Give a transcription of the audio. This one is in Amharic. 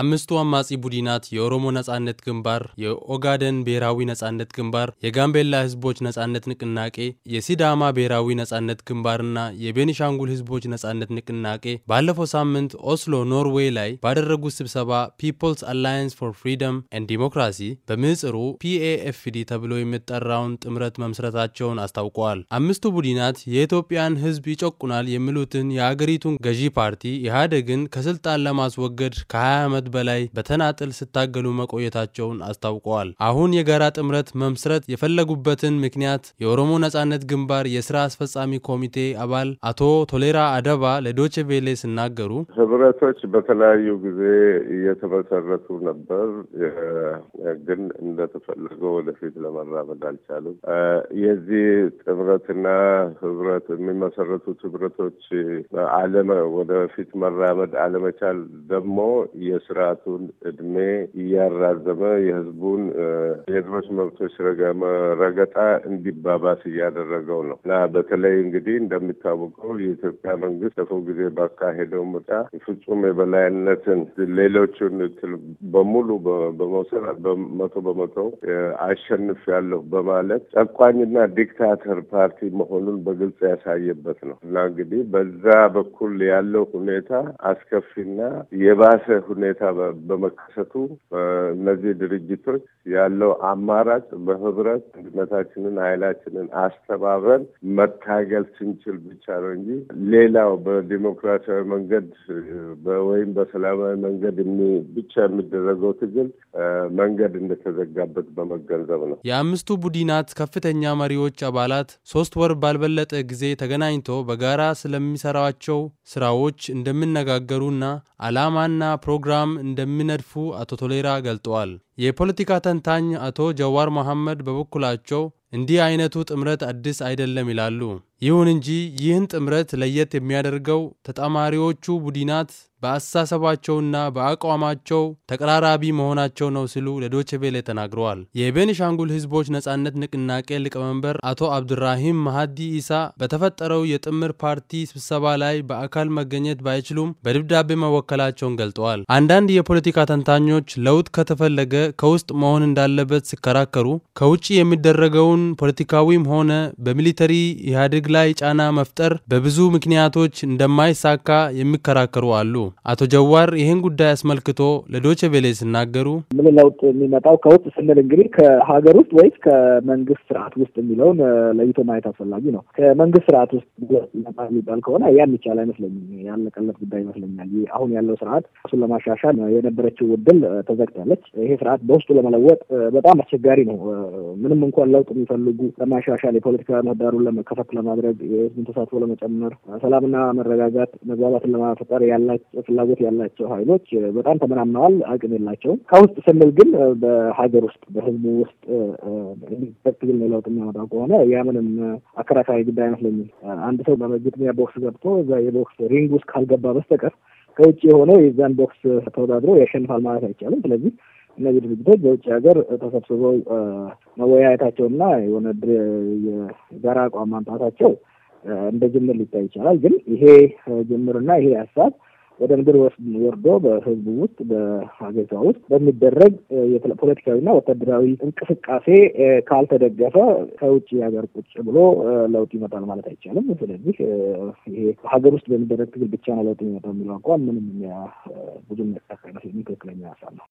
አምስቱ አማጺ ቡድናት የኦሮሞ ነጻነት ግንባር፣ የኦጋደን ብሔራዊ ነጻነት ግንባር፣ የጋምቤላ ህዝቦች ነጻነት ንቅናቄ፣ የሲዳማ ብሔራዊ ነጻነት ግንባርና የቤኒሻንጉል ህዝቦች ነጻነት ንቅናቄ ባለፈው ሳምንት ኦስሎ ኖርዌይ ላይ ባደረጉት ስብሰባ ፒፕልስ አላያንስ ፎር ፍሪደም ኤንድ ዲሞክራሲ በምህጽሩ ፒኤኤፍዲ ተብሎ የሚጠራውን ጥምረት መምስረታቸውን አስታውቀዋል። አምስቱ ቡድናት የኢትዮጵያን ህዝብ ይጨቁናል የሚሉትን የአገሪቱን ገዢ ፓርቲ ኢህአዴግን ከስልጣን ለማስወገድ ከ20 ዓመት ዓመት በላይ በተናጥል ስታገሉ መቆየታቸውን አስታውቀዋል። አሁን የጋራ ጥምረት መምስረት የፈለጉበትን ምክንያት የኦሮሞ ነጻነት ግንባር የስራ አስፈጻሚ ኮሚቴ አባል አቶ ቶሌራ አደባ ለዶቼ ቬሌ ሲናገሩ ህብረቶች በተለያዩ ጊዜ እየተመሰረቱ ነበር፣ ግን እንደተፈለገው ወደፊት ለመራመድ አልቻሉም። የዚህ ጥምረትና ህብረት የሚመሰረቱት ህብረቶች አለመ ወደፊት መራመድ አለመቻል ደግሞ የስ የስርዓቱን እድሜ እያራዘመ የህዝቡን የህዝቦች መብቶች ረገጣ እንዲባባስ እያደረገው ነው እና በተለይ እንግዲህ እንደሚታወቀው የኢትዮጵያ መንግስት ሰፎ ጊዜ ባካሄደው ምርጫ ፍጹም የበላይነትን ሌሎችን በሙሉ በመውሰድ በመቶ በመቶ አሸንፍ ያለሁ በማለት ጨቋኝና ዲክታተር ፓርቲ መሆኑን በግልጽ ያሳየበት ነው እና እንግዲህ በዛ በኩል ያለው ሁኔታ አስከፊና የባሰ ሁኔታ ሁኔታ በመከሰቱ እነዚህ ድርጅቶች ያለው አማራጭ በህብረት አንድነታችንን ኃይላችንን አስተባብረን መታገል ስንችል ብቻ ነው እንጂ ሌላው በዲሞክራሲያዊ መንገድ ወይም በሰላማዊ መንገድ ብቻ የሚደረገው ትግል መንገድ እንደተዘጋበት በመገንዘብ ነው። የአምስቱ ቡድናት ከፍተኛ መሪዎች አባላት ሶስት ወር ባልበለጠ ጊዜ ተገናኝቶ በጋራ ስለሚሰራቸው ስራዎች እንደሚነጋገሩና አላማና ፕሮግራም ፕሮግራም እንደሚነድፉ አቶ ቶሌራ ገልጠዋል። የፖለቲካ ተንታኝ አቶ ጀዋር መሐመድ በበኩላቸው እንዲህ አይነቱ ጥምረት አዲስ አይደለም ይላሉ። ይሁን እንጂ ይህን ጥምረት ለየት የሚያደርገው ተጣማሪዎቹ ቡድናት በአስተሳሰባቸውና በአቋማቸው ተቀራራቢ መሆናቸው ነው ሲሉ ለዶችቬሌ ተናግረዋል። የቤኒሻንጉል ሕዝቦች ነጻነት ንቅናቄ ሊቀመንበር አቶ አብዱራሂም መሀዲ ኢሳ በተፈጠረው የጥምር ፓርቲ ስብሰባ ላይ በአካል መገኘት ባይችሉም በደብዳቤ መወከላቸውን ገልጠዋል። አንዳንድ የፖለቲካ ተንታኞች ለውጥ ከተፈለገ ከውስጥ መሆን እንዳለበት ሲከራከሩ ከውጭ የሚደረገውን ፖለቲካዊም ሆነ በሚሊተሪ ኢህአዴግ ላይ ጫና መፍጠር በብዙ ምክንያቶች እንደማይሳካ የሚከራከሩ አሉ። አቶ ጀዋር ይህን ጉዳይ አስመልክቶ ለዶቼ ቬሌ ሲናገሩ ምን ለውጥ የሚመጣው ከውስጥ ስንል እንግዲህ ከሀገር ውስጥ ወይስ ከመንግስት ስርዓት ውስጥ የሚለውን ለይቶ ማየት አስፈላጊ ነው። ከመንግስት ስርዓት ውስጥ የሚባል ከሆነ ያን ይቻል አይመስለኝም። ያለቀለት ጉዳይ ይመስለኛል። አሁን ያለው ስርዓት እሱን ለማሻሻል የነበረችው ውድል ተዘግታለች። ይሄ ስርዓት ስርዓት በውስጡ ለመለወጥ በጣም አስቸጋሪ ነው። ምንም እንኳን ለውጥ የሚፈልጉ ለማሻሻል፣ የፖለቲካ ምህዳሩን ለመከፈት ለማድረግ፣ የህዝብን ተሳትፎ ለመጨመር፣ ሰላምና መረጋጋት መግባባትን ለማፈጠር ፍላጎት ያላቸው ኃይሎች በጣም ተመናምነዋል። አቅም የላቸውም። ከውስጥ ስንል ግን በሀገር ውስጥ በህዝቡ ውስጥ ነው ለውጥ የሚያመጣ ከሆነ ያ ምንም አከራካሪ ጉዳይ አይመስለኝም። አንድ ሰው በመግጥሚያ ቦክስ ገብቶ እዛ የቦክስ ሪንግ ውስጥ ካልገባ በስተቀር ከውጭ የሆነው የዛን ቦክስ ተወዳድሮ ያሸንፋል ማለት አይቻልም። ስለዚህ እነዚህ ድርጅቶች በውጭ ሀገር ተሰብስበው መወያየታቸውና የሆነ የጋራ አቋም ማምጣታቸው እንደ ጅምር ሊታይ ይቻላል። ግን ይሄ ጅምርና ይሄ ሀሳብ ወደ ምድር ወርዶ በህዝቡ ውስጥ በሀገሪቷ ውስጥ በሚደረግ ፖለቲካዊና ወታደራዊ እንቅስቃሴ ካልተደገፈ ከውጭ ሀገር ቁጭ ብሎ ለውጥ ይመጣል ማለት አይቻልም። ስለዚህ ይሄ ሀገር ውስጥ በሚደረግ ትግል ብቻ ነው ለውጥ የሚመጣው የሚለው እንኳን ምንም ብዙ የሚያሳካ አይመስለኝም። ትክክለኛ ሀሳብ ነው።